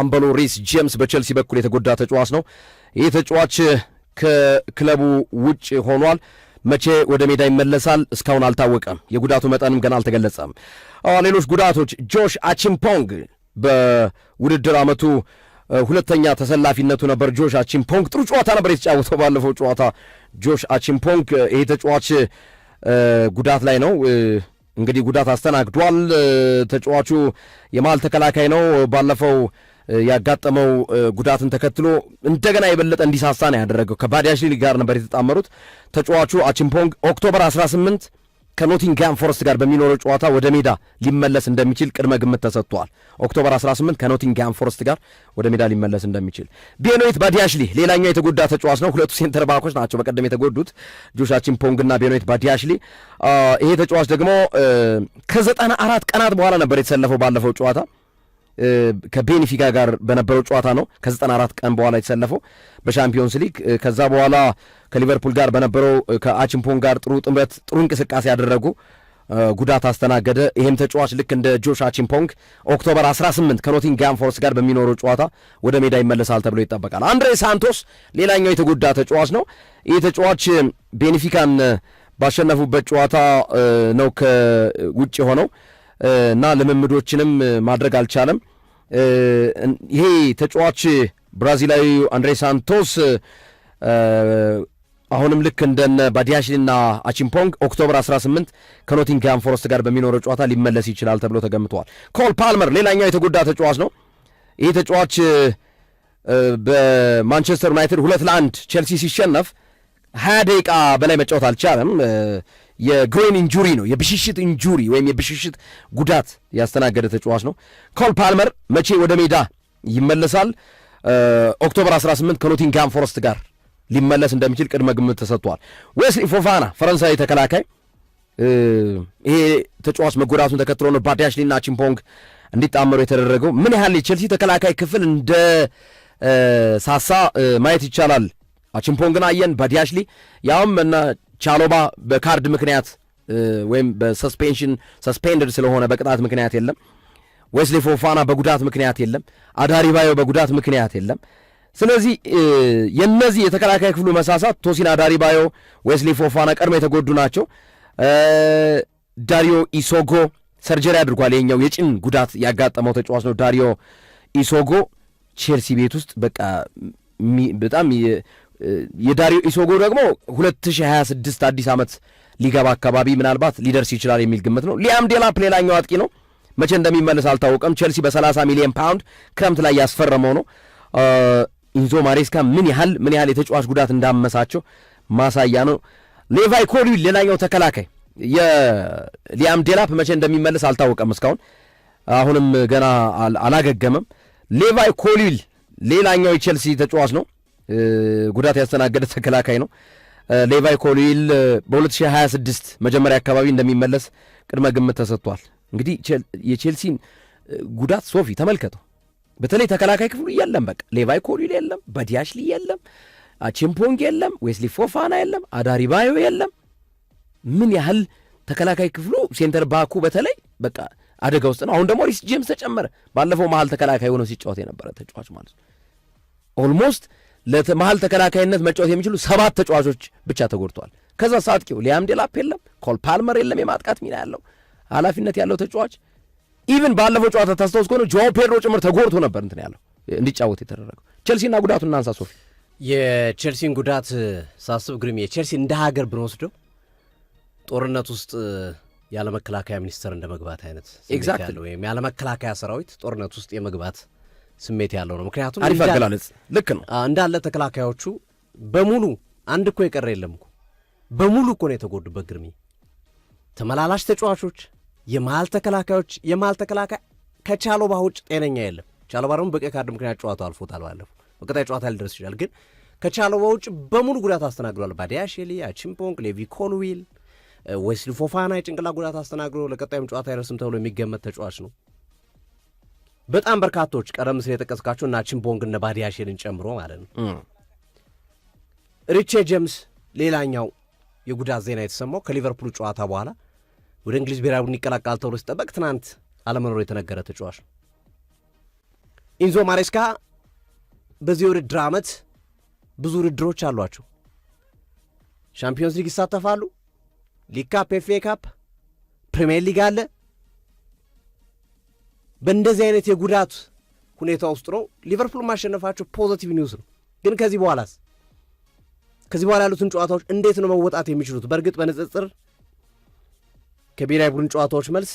አምበሎ ሪስ ጄምስ በቼልሲ በኩል የተጎዳ ተጫዋች ነው። ይህ ተጫዋች ከክለቡ ውጭ ሆኗል። መቼ ወደ ሜዳ ይመለሳል እስካሁን አልታወቀም። የጉዳቱ መጠንም ገና አልተገለጸም። ሌሎች ጉዳቶች ጆሽ አቺምፖንግ በውድድር ዓመቱ ሁለተኛ ተሰላፊነቱ ነበር። ጆሽ አቺምፖንግ ጥሩ ጨዋታ ነበር የተጫወተው ባለፈው ጨዋታ ጆሽ አቺምፖንግ። ይሄ ተጫዋች ጉዳት ላይ ነው እንግዲህ ጉዳት አስተናግዷል። ተጫዋቹ የመሃል ተከላካይ ነው ባለፈው ያጋጠመው ጉዳትን ተከትሎ እንደገና የበለጠ እንዲሳሳ ነው ያደረገው። ከባዲያሽሊ ጋር ነበር የተጣመሩት። ተጫዋቹ አቺምፖንግ ኦክቶበር 18 ከኖቲንግሃም ፎረስት ጋር በሚኖረው ጨዋታ ወደ ሜዳ ሊመለስ እንደሚችል ቅድመ ግምት ተሰጥቷል። ኦክቶበር 18 ከኖቲንግሃም ፎረስት ጋር ወደ ሜዳ ሊመለስ እንደሚችል። ቤኖይት ባዲያሽሊ ሌላኛው የተጎዳ ተጫዋች ነው። ሁለቱ ሴንተር ባኮች ናቸው በቀደም የተጎዱት ጆሻችን አቺምፖንግ እና ቤኖይት ባዲያሽሊ። ይሄ ተጫዋች ደግሞ ከዘጠና አራት ቀናት በኋላ ነበር የተሰለፈው ባለፈው ጨዋታ ከቤኒፊካ ጋር በነበረው ጨዋታ ነው ከ94 ቀን በኋላ የተሰለፈው በሻምፒዮንስ ሊግ። ከዛ በኋላ ከሊቨርፑል ጋር በነበረው ከአችምፖን ጋር ጥሩ ጥምረት፣ ጥሩ እንቅስቃሴ ያደረጉ ጉዳት አስተናገደ። ይህም ተጫዋች ልክ እንደ ጆሽ አቺምፖንግ ኦክቶበር 18 ከኖቲንግሃም ፎረስት ጋር በሚኖረው ጨዋታ ወደ ሜዳ ይመለሳል ተብሎ ይጠበቃል። አንድሬ ሳንቶስ ሌላኛው የተጎዳ ተጫዋች ነው። ይህ ተጫዋች ቤኒፊካን ባሸነፉበት ጨዋታ ነው ከውጭ የሆነው እና ልምምዶችንም ማድረግ አልቻለም። ይሄ ተጫዋች ብራዚላዊ አንድሬ ሳንቶስ አሁንም ልክ እንደነ ባዲያሽና አቺምፖንግ ኦክቶበር 18 ከኖቲንግሃም ፎረስት ጋር በሚኖረው ጨዋታ ሊመለስ ይችላል ተብሎ ተገምተዋል። ኮል ፓልመር ሌላኛው የተጎዳ ተጫዋች ነው። ይህ ተጫዋች በማንቸስተር ዩናይትድ ሁለት ለአንድ ቼልሲ ሲሸነፍ ሀያ ደቂቃ በላይ መጫወት አልቻለም። የግሬን ኢንጁሪ ነው የብሽሽት ኢንጁሪ ወይም የብሽሽት ጉዳት ያስተናገደ ተጫዋች ነው። ኮል ፓልመር መቼ ወደ ሜዳ ይመለሳል? ኦክቶበር 18 ከኖቲንግሃም ፎረስት ጋር ሊመለስ እንደሚችል ቅድመ ግምት ተሰጥቷል። ዌስሊ ፎፋና ፈረንሳዊ ተከላካይ ይሄ ተጫዋች መጎዳቱን ተከትሎ ነው ባዲያሽሊና ቺምፖንግ እንዲጣመሩ የተደረገው። ምን ያህል የቼልሲ ተከላካይ ክፍል እንደ ሳሳ ማየት ይቻላል። አቺምፖንግን አየን፣ ባዲያሽሊ ያውም እና ቻሎባ በካርድ ምክንያት ወይም በሰስፔንሽን ሰስፔንድድ ስለሆነ በቅጣት ምክንያት የለም። ዌስሊ ፎፋና በጉዳት ምክንያት የለም። አዳሪባዮ በጉዳት ምክንያት የለም። ስለዚህ የነዚህ የተከላካይ ክፍሉ መሳሳት ቶሲን አዳሪባዮ ዌስሊ ፎፋና ቀድሞ የተጎዱ ናቸው። ዳሪዮ ኢሶጎ ሰርጀሪ አድርጓል። የኛው የጭን ጉዳት ያጋጠመው ተጫዋች ነው ዳሪዮ ኢሶጎ ቼልሲ ቤት ውስጥ በቃ በጣም የዳሪ ኢሶጎ ደግሞ 2026 አዲስ ዓመት ሊገባ አካባቢ ምናልባት ሊደርስ ይችላል የሚል ግምት ነው። ሊያም ዴላፕ ሌላኛው አጥቂ ነው። መቼ እንደሚመለስ አልታወቀም። ቼልሲ በ30 ሚሊዮን ፓውንድ ክረምት ላይ ያስፈረመው ነው። ኢንዞ ማሬስካ ምን ያህል ምን ያህል የተጫዋች ጉዳት እንዳመሳቸው ማሳያ ነው። ሌቫይ ኮሉ ሌላኛው ተከላካይ የሊያም ዴላፕ መቼ እንደሚመለስ አልታወቀም። እስካሁን አሁንም ገና አላገገመም። ሌቫይ ኮሊል ሌላኛው የቼልሲ ተጫዋች ነው። ጉዳት ያስተናገደ ተከላካይ ነው። ሌቫይ ኮሊል በ2026 መጀመሪያ አካባቢ እንደሚመለስ ቅድመ ግምት ተሰጥቷል። እንግዲህ የቼልሲን ጉዳት ሶፊ ተመልከተው። በተለይ ተከላካይ ክፍሉ የለም። በቃ ሌቫይ ኮሊል የለም፣ በዲያሽሊ የለም፣ ቺምፖንግ የለም፣ ዌስሊ ፎፋና የለም፣ አዳሪባዮ የለም። ምን ያህል ተከላካይ ክፍሉ ሴንተር ባኩ በተለይ በቃ አደጋ ውስጥ ነው። አሁን ደግሞ ሪስ ጄምስ ተጨመረ። ባለፈው መሀል ተከላካይ ሆነው ሲጫወት የነበረ ተጫዋች ማለት ነው ኦልሞስት ለመሀል ተከላካይነት መጫወት የሚችሉ ሰባት ተጫዋቾች ብቻ ተጎድተዋል። ከዛ ሳጥቂው ሊያም ዴላፕ የለም፣ ኮል ፓልመር የለም። የማጥቃት ሚና ያለው ኃላፊነት ያለው ተጫዋች ኢቭን ባለፈው ጨዋታ ታስታውስ ከሆነ ጆዋ ፔድሮ ጭምር ተጎድቶ ነበር እንትን ያለው እንዲጫወት የተደረገው። ቼልሲና ጉዳቱ እናንሳ ሶፊ። የቼልሲን ጉዳት ሳስብ ግርም የቼልሲ እንደ ሀገር ብንወስደው ጦርነት ውስጥ ያለመከላከያ ሚኒስተር እንደ መግባት አይነት ያለ ወይም ያለመከላከያ ሰራዊት ጦርነት ውስጥ የመግባት ስሜት ያለው ነው። ምክንያቱም አሪፍ አገላለጽ ልክ ነው እንዳለ ተከላካዮቹ በሙሉ አንድ እኮ የቀረ የለም እኮ በሙሉ እኮ ነው የተጎዱበት። ግርሚ ተመላላሽ ተጫዋቾች፣ የመሀል ተከላካዮች፣ የመሀል ተከላካይ ከቻሎባ ውጭ ጤነኛ የለም። ቻሎባ ደግሞ በቀይ ካርድ ምክንያት ጨዋታ አልፎታል። ባለፉ በቀጣይ ጨዋታ ሊደርስ ይችላል። ግን ከቻሎባ ውጭ በሙሉ ጉዳት አስተናግዷል። ባዲያሼሊ፣ አቺምፖንግ፣ ሌቪ ኮልዊል፣ ዌስሊ ፎፋና የጭንቅላ ጉዳት አስተናግዶ ለቀጣዩም ጨዋታ አይደርስም ተብሎ የሚገመት ተጫዋች ነው። በጣም በርካቶች ቀደም ሲል የጠቀስካቸው እና ቺምቦንግ እነ ባዲያሽልን ጨምሮ ማለት ነው። ሪቼ ጄምስ ሌላኛው የጉዳት ዜና የተሰማው ከሊቨርፑል ጨዋታ በኋላ ወደ እንግሊዝ ብሔራዊ ቡድን ይቀላቀላል ተብሎ ሲጠበቅ ትናንት አለመኖሩ የተነገረ ተጫዋች ነው። ኢንዞ ማሬስካ በዚህ የውድድር ዓመት ብዙ ውድድሮች አሏቸው። ሻምፒዮንስ ሊግ ይሳተፋሉ፣ ሊግ ካፕ፣ ኤፍ ኤ ካፕ፣ ፕሪሚየር ሊግ አለ በእንደዚህ አይነት የጉዳት ሁኔታ ውስጥ ነው ሊቨርፑል ማሸነፋቸው ፖዘቲቭ ኒውስ ነው። ግን ከዚህ በኋላስ ከዚህ በኋላ ያሉትን ጨዋታዎች እንዴት ነው መወጣት የሚችሉት? በእርግጥ በንጽጽር ከብሔራዊ ቡድን ጨዋታዎች መልስ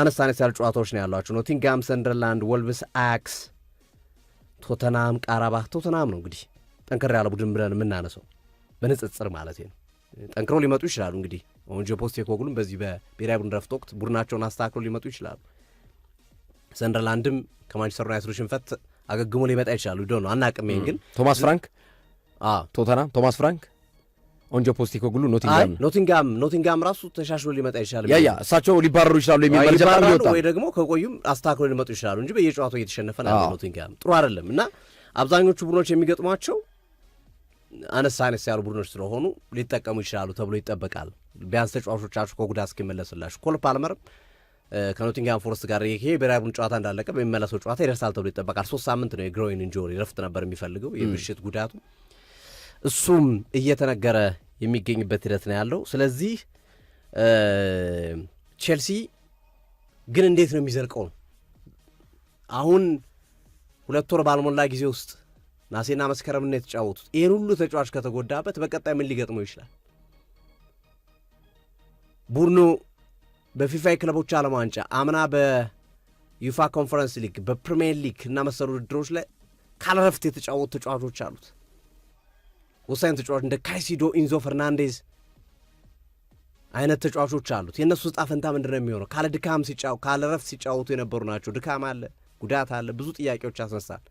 አነስ ያሉ ጨዋታዎች ነው ያሏቸው። ኖቲንግሃም፣ ሰንደርላንድ፣ ወልቭስ፣ አያክስ፣ ቶተናም፣ ቃራባህ። ቶተናም ነው እንግዲህ ጠንከር ያለ ቡድን ብለን የምናነሰው በንጽጽር ማለት ነው። ጠንክረው ሊመጡ ይችላሉ እንግዲህ ኦንጆ ፖስቴኮግሉም በዚህ በብሔራዊ ቡድን ረፍት ወቅት ቡድናቸውን አስተካክሎ ሊመጡ ይችላሉ። ሰንደርላንድም ከማንቸስተር ዩናይትዱ ሽንፈት አገግሞ ሊመጣ ይችላል። ዶ ነው አናቅም። ይሄን ግን ቶማስ ፍራንክ ቶተናም፣ ቶማስ ፍራንክ፣ ኦንጆ ፖስቴኮግሉ፣ ኖቲንጋም ኖቲንጋም ኖቲንጋም ራሱ ተሻሽሎ ሊመጣ ይችላል። ያ እሳቸው ሊባረሩ ይችላሉ የሚል መረጃ ይወጣል፣ ወይ ደግሞ ከቆዩም አስተካክሎ ሊመጡ ይችላሉ እንጂ በየጨዋታው እየተሸነፈ ነው ኖቲንጋም ጥሩ አይደለም እና አብዛኞቹ ቡድኖች የሚገጥሟቸው አነስ አነስ ያሉ ቡድኖች ስለሆኑ ሊጠቀሙ ይችላሉ ተብሎ ይጠበቃል። ቢያንስ ተጫዋቾቻቸው ከጉዳት እስኪመለስላቸው ኮል ፓልመርም ከኖቲንግሃም ፎረስት ጋር የብሔራዊ ቡድን ጨዋታ እንዳለቀ በሚመለሰው ጨዋታ ይደርሳል ተብሎ ይጠበቃል። ሶስት ሳምንት ነው የግሮይን ኢንጆሪ ረፍት ነበር የሚፈልገው የምሽት ጉዳቱ እሱም እየተነገረ የሚገኝበት ሂደት ነው ያለው። ስለዚህ ቼልሲ ግን እንዴት ነው የሚዘልቀው? አሁን ሁለት ወር ባልሞላ ጊዜ ውስጥ ናሴና መስከረም ነው የተጫወቱት። ይህን ሁሉ ተጫዋች ከተጎዳበት በቀጣይ ምን ሊገጥመው ይችላል ቡድኑ? በፊፋ የክለቦች ዓለም ዋንጫ አምና በዩፋ ኮንፈረንስ ሊግ በፕሪሚየር ሊግ እና መሰሉ ውድድሮች ላይ ካለረፍት የተጫወቱ ተጫዋቾች አሉት። ወሳኝ ተጫዋች እንደ ካይሲዶ፣ ኢንዞ ፈርናንዴዝ አይነት ተጫዋቾች አሉት። የእነሱ ዕጣ ፈንታ ምንድን ነው የሚሆነው? ካለ ድካም ካለ ረፍት ሲጫወቱ የነበሩ ናቸው። ድካም አለ፣ ጉዳት አለ፣ ብዙ ጥያቄዎች ያስነሳል።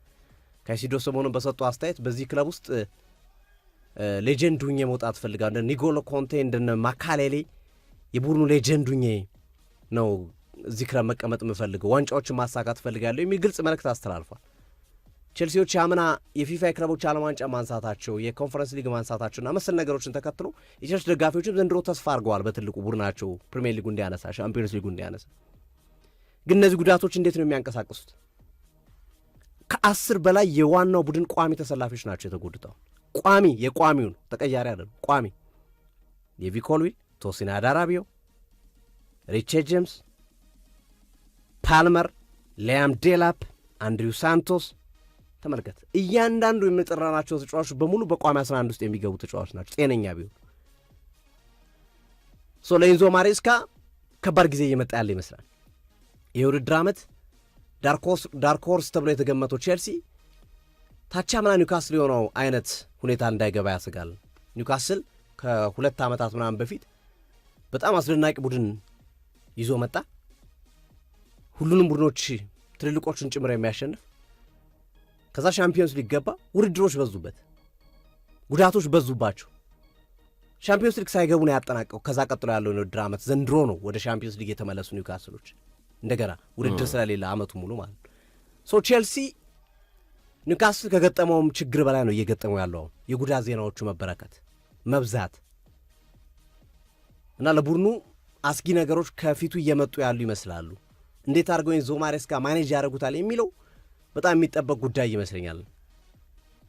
ካይሲዶ ሰሞኑን በሰጡ አስተያየት በዚህ ክለብ ውስጥ ሌጀንድ ሁኜ መውጣት ፈልጋለሁ፣ እንደ ኒጎሎ ኮንቴ እንደነ ማካሌሌ የቡድኑ ሌጀንድ ሁኜ ነው እዚህ ክለብ መቀመጥ የምፈልገው፣ ዋንጫዎችን ማሳካት እፈልጋለሁ የሚል ግልጽ መልእክት አስተላልፏል። ቼልሲዎች የአምና የፊፋ የክለቦች ዓለም ዋንጫ ማንሳታቸው የኮንፈረንስ ሊግ ማንሳታቸውና መሰል ነገሮችን ተከትሎ የቸልሲ ደጋፊዎችም ዘንድሮ ተስፋ አድርገዋል በትልቁ ቡድናቸው ፕሪሚየር ሊጉ እንዲያነሳ፣ ሻምፒዮንስ ሊጉ እንዲያነሳ። ግን እነዚህ ጉዳቶች እንዴት ነው የሚያንቀሳቅሱት? ከአስር በላይ የዋናው ቡድን ቋሚ ተሰላፊዎች ናቸው የተጎድተው። ቋሚ የቋሚውን ተቀያሪ አይደለም። ቋሚ የቪኮልዊል ቶሲና ዳራቢዮ ሪቼ ጄምስ፣ ፓልመር፣ ሊያም ዴላፕ፣ አንድሪው ሳንቶስ ተመልከት። እያንዳንዱ የምጠራናቸው ተጫዋቾች በሙሉ በቋሚ 11 ውስጥ የሚገቡ ተጫዋቾች ናቸው ጤነኛ ቢሆን። ሶ ለኢንዞ ማሬስካ ከባድ ጊዜ እየመጣ ያለ ይመስላል። የውድድር ዓመት ዳርክ ሆርስ ተብሎ የተገመተው ቼልሲ ምና ኒውካስል የሆነው አይነት ሁኔታ እንዳይገባ ያስጋል። ኒውካስል ከሁለት ዓመታት ምናምን በፊት በጣም አስደናቂ ቡድን ይዞ መጣ። ሁሉንም ቡድኖች ትልልቆቹን ጭምር የሚያሸንፍ ከዛ ሻምፒዮንስ ሊግ ገባ። ውድድሮች በዙበት፣ ጉዳቶች በዙባቸው። ሻምፒዮንስ ሊግ ሳይገቡ ነው ያጠናቀው። ከዛ ቀጥሎ ያለውን የውድድር ዓመት ዘንድሮ ነው ወደ ሻምፒዮንስ ሊግ የተመለሱ ኒውካስሎች እንደገና ውድድር ስለሌለ ዓመቱ ሙሉ ማለት ነው። ሶ ቼልሲ ኒውካስል ከገጠመውም ችግር በላይ ነው እየገጠመው ያለው አሁን የጉዳት ዜናዎቹ መበረከት መብዛት እና ለቡድኑ አስጊ ነገሮች ከፊቱ እየመጡ ያሉ ይመስላሉ። እንዴት አድርገው ዞማሬስካ ማኔጅ ያደርጉታል የሚለው በጣም የሚጠበቅ ጉዳይ ይመስለኛል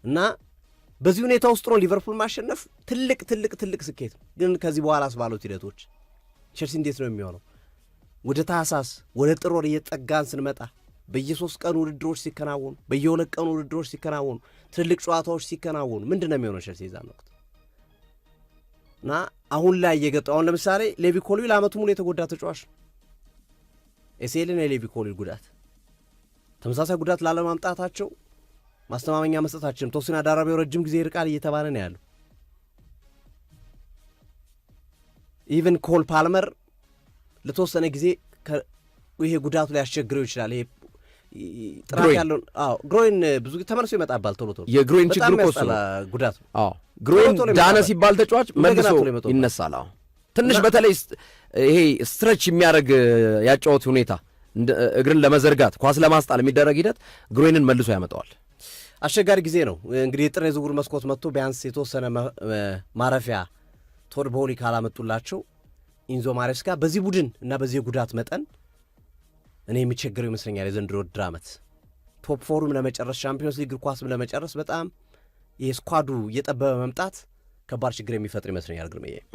እና በዚህ ሁኔታ ውስጥ ነው ሊቨርፑል ማሸነፍ ትልቅ ትልቅ ትልቅ ስኬት ግን ከዚህ በኋላ አስባሉት ሂደቶች ቸልሲ እንዴት ነው የሚሆነው? ወደ ታህሳስ ወደ ጥር ወር እየጠጋን ስንመጣ በየሶስት ቀን ውድድሮች ሲከናወኑ፣ በየሁለት ቀን ውድድሮች ሲከናወኑ፣ ትልልቅ ጨዋታዎች ሲከናወኑ ምንድን ነው የሚሆነው ቸልሲ የዛን ወቅት እና አሁን ላይ እየገጠው አሁን ለምሳሌ ሌቪ ኮልዊል አመቱ ሙሉ የተጎዳ ተጫዋች ነው። ኤሴልን የሌቪ ኮልዊል ጉዳት ተመሳሳይ ጉዳት ላለማምጣታቸው ማስተማመኛ መስጠታችንም ተወስኖ አዳራቢው ረጅም ጊዜ ይርቃል እየተባለ ነው ያሉ ኢቨን ኮል ፓልመር ለተወሰነ ጊዜ ይሄ ጉዳቱ ሊያስቸግረው ይችላል። ይሄ ጥራት ያለውን ግሮይን ብዙ ተመልሶ ይመጣባል። ቶሎ ቶሎ የግሮይን ችግር እኮ እሱ ነው ጉዳት። ግሮይን ዳነ ሲባል ተጫዋች መልሶ ይነሳል። አዎ ትንሽ በተለይ ይሄ ስትረች የሚያደርግ ያጫወት ሁኔታ እግርን ለመዘርጋት ኳስ ለማስጣል የሚደረግ ሂደት ግሮይንን መልሶ ያመጣዋል። አስቸጋሪ ጊዜ ነው እንግዲህ የጥር የዝውውር መስኮት መጥቶ ቢያንስ የተወሰነ ማረፊያ ቶድ ቦሊ ካላመጡላቸው ኢንዞ ማሬስካ በዚህ ቡድን እና በዚህ ጉዳት መጠን እኔ የሚቸገረው ይመስለኛል የዘንድሮ ውድድር ዓመት ቶፕ ፎሩም ለመጨረስ ሻምፒዮንስ ሊግ እግር ኳስም ለመጨረስ በጣም የስኳዱ እየጠበበ መምጣት ከባድ ችግር የሚፈጥር ይመስለኛል ግርምዬ።